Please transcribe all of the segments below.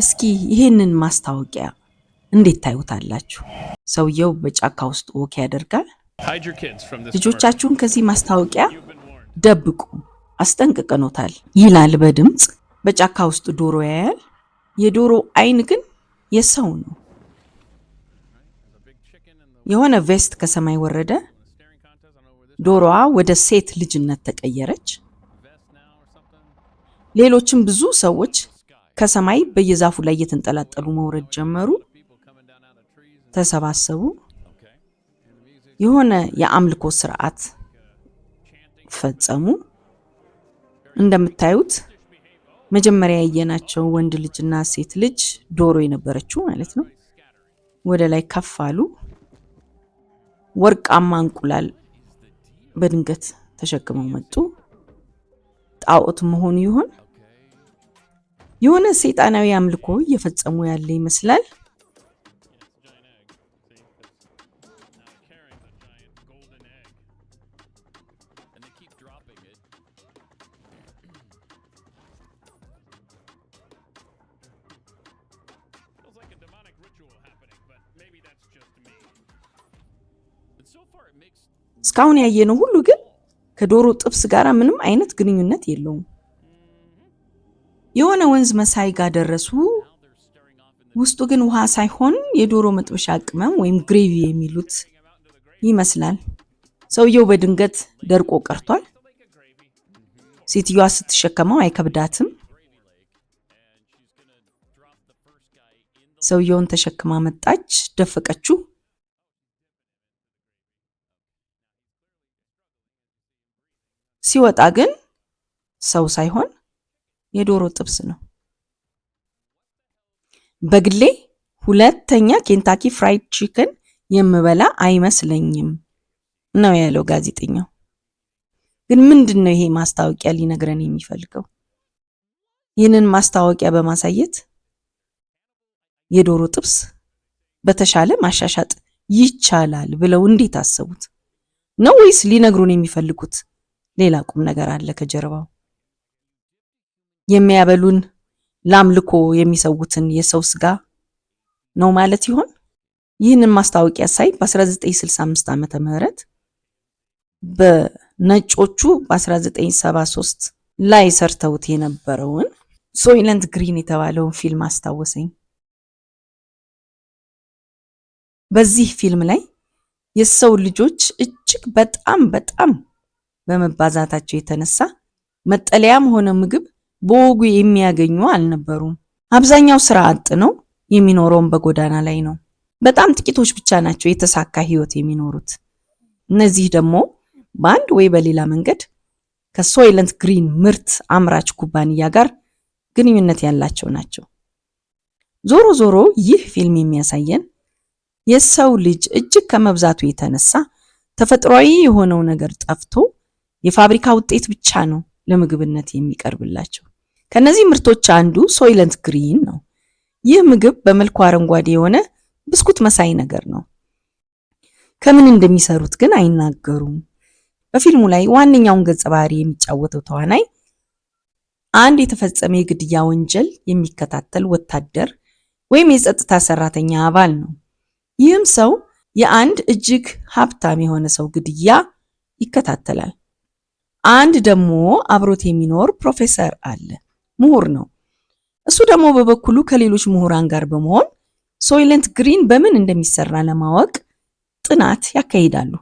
እስኪ ይሄንን ማስታወቂያ እንዴት ታዩታላችሁ? ሰውየው በጫካ ውስጥ ወክ ያደርጋል። ልጆቻችሁን ከዚህ ማስታወቂያ ደብቁ፣ አስጠንቅቀኖታል ይላል በድምፅ። በጫካ ውስጥ ዶሮ ያያል። የዶሮ አይን ግን የሰው ነው። የሆነ ቬስት ከሰማይ ወረደ። ዶሮዋ ወደ ሴት ልጅነት ተቀየረች። ሌሎችም ብዙ ሰዎች ከሰማይ በየዛፉ ላይ እየተንጠላጠሉ መውረድ ጀመሩ። ተሰባሰቡ። የሆነ የአምልኮ ስርዓት ፈጸሙ። እንደምታዩት መጀመሪያ ያየናቸው ወንድ ልጅና ሴት ልጅ ዶሮ የነበረችው ማለት ነው፣ ወደ ላይ ከፍ አሉ። ወርቃማ እንቁላል በድንገት ተሸክመው መጡ። ጣዖት መሆኑ ይሆን? የሆነ ሰይጣናዊ አምልኮ እየፈጸሙ ያለ ይመስላል። እስካሁን ያየነው ሁሉ ግን ከዶሮ ጥብስ ጋር ምንም አይነት ግንኙነት የለውም። የሆነ ወንዝ መሳይ ጋር ደረሱ። ውስጡ ግን ውሃ ሳይሆን የዶሮ መጥበሻ ቅመም ወይም ግሬቪ የሚሉት ይመስላል። ሰውየው በድንገት ደርቆ ቀርቷል። ሴትዮዋ ስትሸከመው አይከብዳትም። ሰውየውን ተሸክማ መጣች፣ ደፈቀችው። ሲወጣ ግን ሰው ሳይሆን የዶሮ ጥብስ ነው። በግሌ ሁለተኛ ኬንታኪ ፍራይድ ቺክን የምበላ አይመስለኝም ነው ያለው ጋዜጠኛው። ግን ምንድን ነው ይሄ ማስታወቂያ ሊነግረን የሚፈልገው? ይህንን ማስታወቂያ በማሳየት የዶሮ ጥብስ በተሻለ ማሻሻጥ ይቻላል ብለው እንዴት አሰቡት? ነው ወይስ ሊነግሩን የሚፈልጉት ሌላ ቁም ነገር አለ ከጀርባው? የሚያበሉን ለአምልኮ የሚሰዉትን የሰው ስጋ ነው ማለት ይሆን? ይህንን ማስታወቂያ ሳይ በ1965 ዓ ም በነጮቹ በ1973 ላይ ሰርተውት የነበረውን ሶይለንት ግሪን የተባለውን ፊልም አስታወሰኝ። በዚህ ፊልም ላይ የሰው ልጆች እጅግ በጣም በጣም በመባዛታቸው የተነሳ መጠለያም ሆነ ምግብ በወጉ የሚያገኙ አልነበሩም። አብዛኛው ስራ አጥ ነው፣ የሚኖረውም በጎዳና ላይ ነው። በጣም ጥቂቶች ብቻ ናቸው የተሳካ ህይወት የሚኖሩት። እነዚህ ደግሞ በአንድ ወይ በሌላ መንገድ ከሶይለንት ግሪን ምርት አምራች ኩባንያ ጋር ግንኙነት ያላቸው ናቸው። ዞሮ ዞሮ ይህ ፊልም የሚያሳየን የሰው ልጅ እጅግ ከመብዛቱ የተነሳ ተፈጥሯዊ የሆነው ነገር ጠፍቶ የፋብሪካ ውጤት ብቻ ነው ለምግብነት የሚቀርብላቸው። ከነዚህ ምርቶች አንዱ ሶይለንት ግሪን ነው። ይህ ምግብ በመልኩ አረንጓዴ የሆነ ብስኩት መሳይ ነገር ነው። ከምን እንደሚሰሩት ግን አይናገሩም። በፊልሙ ላይ ዋነኛውን ገጸ ባህሪ የሚጫወተው ተዋናይ አንድ የተፈጸመ የግድያ ወንጀል የሚከታተል ወታደር ወይም የጸጥታ ሰራተኛ አባል ነው። ይህም ሰው የአንድ እጅግ ሀብታም የሆነ ሰው ግድያ ይከታተላል። አንድ ደግሞ አብሮት የሚኖር ፕሮፌሰር አለ። ምሁር ነው። እሱ ደግሞ በበኩሉ ከሌሎች ምሁራን ጋር በመሆን ሶይለንት ግሪን በምን እንደሚሰራ ለማወቅ ጥናት ያካሂዳሉ።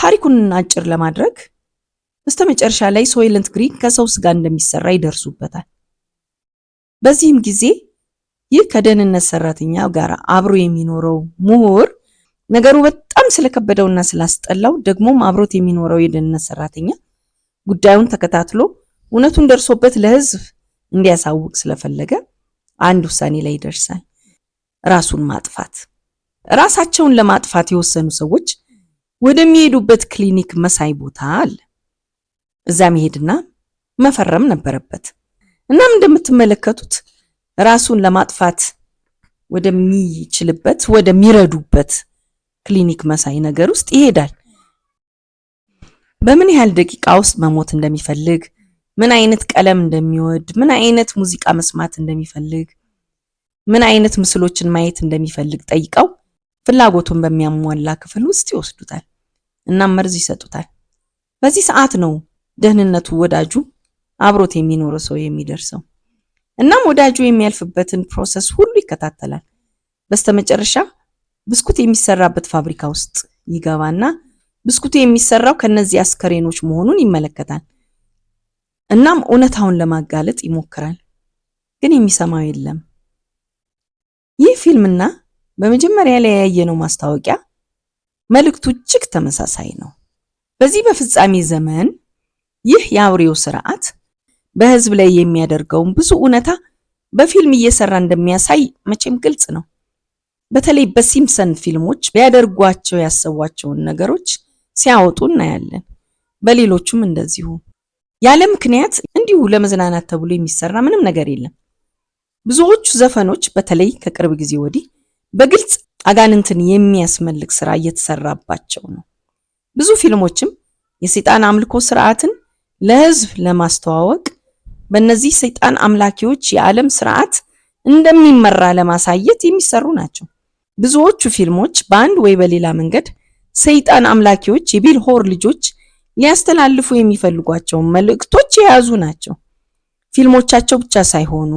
ታሪኩን አጭር ለማድረግ በስተመጨረሻ ላይ ሶይለንት ግሪን ከሰው ስጋ እንደሚሰራ ይደርሱበታል። በዚህም ጊዜ ይህ ከደህንነት ሰራተኛ ጋር አብሮ የሚኖረው ምሁር ነገሩ በጣም ስለከበደውና ስላስጠላው ደግሞም አብሮት የሚኖረው የደህንነት ሰራተኛ ጉዳዩን ተከታትሎ እውነቱን ደርሶበት ለህዝብ እንዲያሳውቅ ስለፈለገ አንድ ውሳኔ ላይ ይደርሳል። ራሱን ማጥፋት። ራሳቸውን ለማጥፋት የወሰኑ ሰዎች ወደሚሄዱበት ክሊኒክ መሳይ ቦታ አለ። እዛ መሄድና መፈረም ነበረበት። እናም እንደምትመለከቱት ራሱን ለማጥፋት ወደሚችልበት ወደሚረዱበት ክሊኒክ መሳይ ነገር ውስጥ ይሄዳል። በምን ያህል ደቂቃ ውስጥ መሞት እንደሚፈልግ፣ ምን አይነት ቀለም እንደሚወድ፣ ምን አይነት ሙዚቃ መስማት እንደሚፈልግ፣ ምን አይነት ምስሎችን ማየት እንደሚፈልግ ጠይቀው ፍላጎቱን በሚያሟላ ክፍል ውስጥ ይወስዱታል። እናም መርዝ ይሰጡታል። በዚህ ሰዓት ነው ደህንነቱ ወዳጁ አብሮት የሚኖረው ሰው የሚደርሰው። እናም ወዳጁ የሚያልፍበትን ፕሮሰስ ሁሉ ይከታተላል። በስተመጨረሻ ብስኩት የሚሰራበት ፋብሪካ ውስጥ ይገባና ብስኩቱ የሚሰራው ከነዚህ አስከሬኖች መሆኑን ይመለከታል። እናም እውነታውን ለማጋለጥ ይሞክራል፣ ግን የሚሰማው የለም። ይህ ፊልምና በመጀመሪያ ላይ ያየነው ማስታወቂያ መልእክቱ እጅግ ተመሳሳይ ነው። በዚህ በፍጻሜ ዘመን ይህ የአውሬው ስርዓት በህዝብ ላይ የሚያደርገውን ብዙ እውነታ በፊልም እየሰራ እንደሚያሳይ መቼም ግልጽ ነው። በተለይ በሲምፕሰን ፊልሞች ሊያደርጓቸው ያሰቧቸውን ነገሮች ሲያወጡ እናያለን። በሌሎቹም እንደዚሁ ያለ ምክንያት እንዲሁ ለመዝናናት ተብሎ የሚሰራ ምንም ነገር የለም። ብዙዎቹ ዘፈኖች በተለይ ከቅርብ ጊዜ ወዲህ በግልጽ አጋንንትን የሚያስመልክ ስራ እየተሰራባቸው ነው። ብዙ ፊልሞችም የሰይጣን አምልኮ ስርዓትን ለህዝብ ለማስተዋወቅ በእነዚህ ሰይጣን አምላኪዎች የዓለም ስርዓት እንደሚመራ ለማሳየት የሚሰሩ ናቸው። ብዙዎቹ ፊልሞች በአንድ ወይ በሌላ መንገድ ሰይጣን አምላኪዎች የቤልሆር ልጆች ሊያስተላልፉ የሚፈልጓቸውን መልእክቶች የያዙ ናቸው። ፊልሞቻቸው ብቻ ሳይሆኑ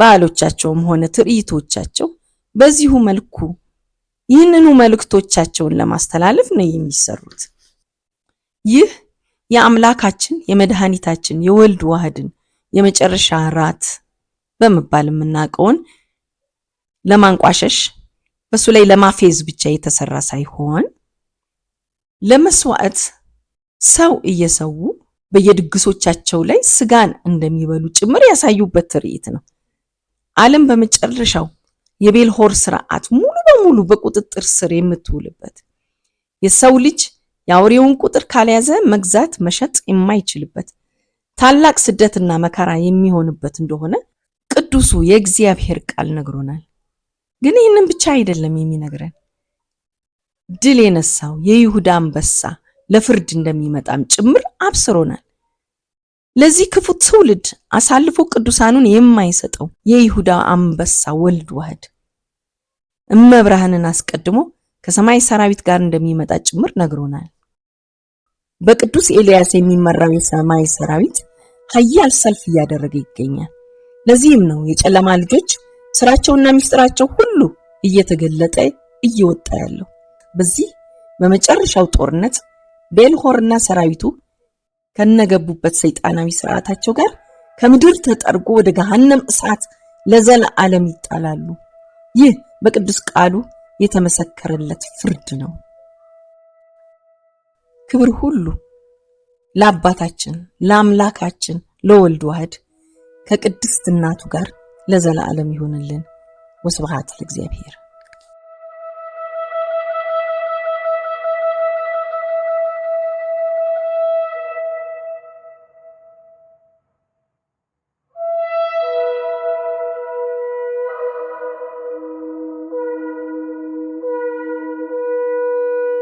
በዓሎቻቸውም ሆነ ትርኢቶቻቸው በዚሁ መልኩ ይህንኑ መልእክቶቻቸውን ለማስተላለፍ ነው የሚሰሩት። ይህ የአምላካችን የመድኃኒታችን የወልድ ዋህድን የመጨረሻ ራት በመባል የምናውቀውን ለማንቋሸሽ በሱ ላይ ለማፌዝ ብቻ የተሰራ ሳይሆን ለመስዋዕት ሰው እየሰዉ በየድግሶቻቸው ላይ ስጋን እንደሚበሉ ጭምር ያሳዩበት ትርኢት ነው። ዓለም በመጨረሻው የቤልሆር ስርዓት ሙሉ በሙሉ በቁጥጥር ስር የምትውልበት የሰው ልጅ የአውሬውን ቁጥር ካልያዘ መግዛት መሸጥ የማይችልበት ታላቅ ስደትና መከራ የሚሆንበት እንደሆነ ቅዱሱ የእግዚአብሔር ቃል ነግሮናል። ግን ይህንን ብቻ አይደለም የሚነግረን ድል የነሳው የይሁዳ አንበሳ ለፍርድ እንደሚመጣም ጭምር አብስሮናል። ለዚህ ክፉ ትውልድ አሳልፎ ቅዱሳኑን የማይሰጠው የይሁዳ አንበሳ ወልድ ዋህድ እመብርሃንን አስቀድሞ ከሰማይ ሰራዊት ጋር እንደሚመጣ ጭምር ነግሮናል። በቅዱስ ኤልያስ የሚመራው የሰማይ ሰራዊት ኃያል ሰልፍ እያደረገ ይገኛል። ለዚህም ነው የጨለማ ልጆች ስራቸውና ምስጢራቸው ሁሉ እየተገለጠ እየወጣ ያለው። በዚህ በመጨረሻው ጦርነት ቤልሆርና ሰራዊቱ ከነገቡበት ሰይጣናዊ ስርዓታቸው ጋር ከምድር ተጠርጎ ወደ ገሃነም እሳት ለዘላለም ይጣላሉ። ይህ በቅዱስ ቃሉ የተመሰከረለት ፍርድ ነው። ክብር ሁሉ ለአባታችን ለአምላካችን ለወልድ ዋህድ ከቅድስት እናቱ ጋር لزال عالمي هون اللين وسبعات الاجزابير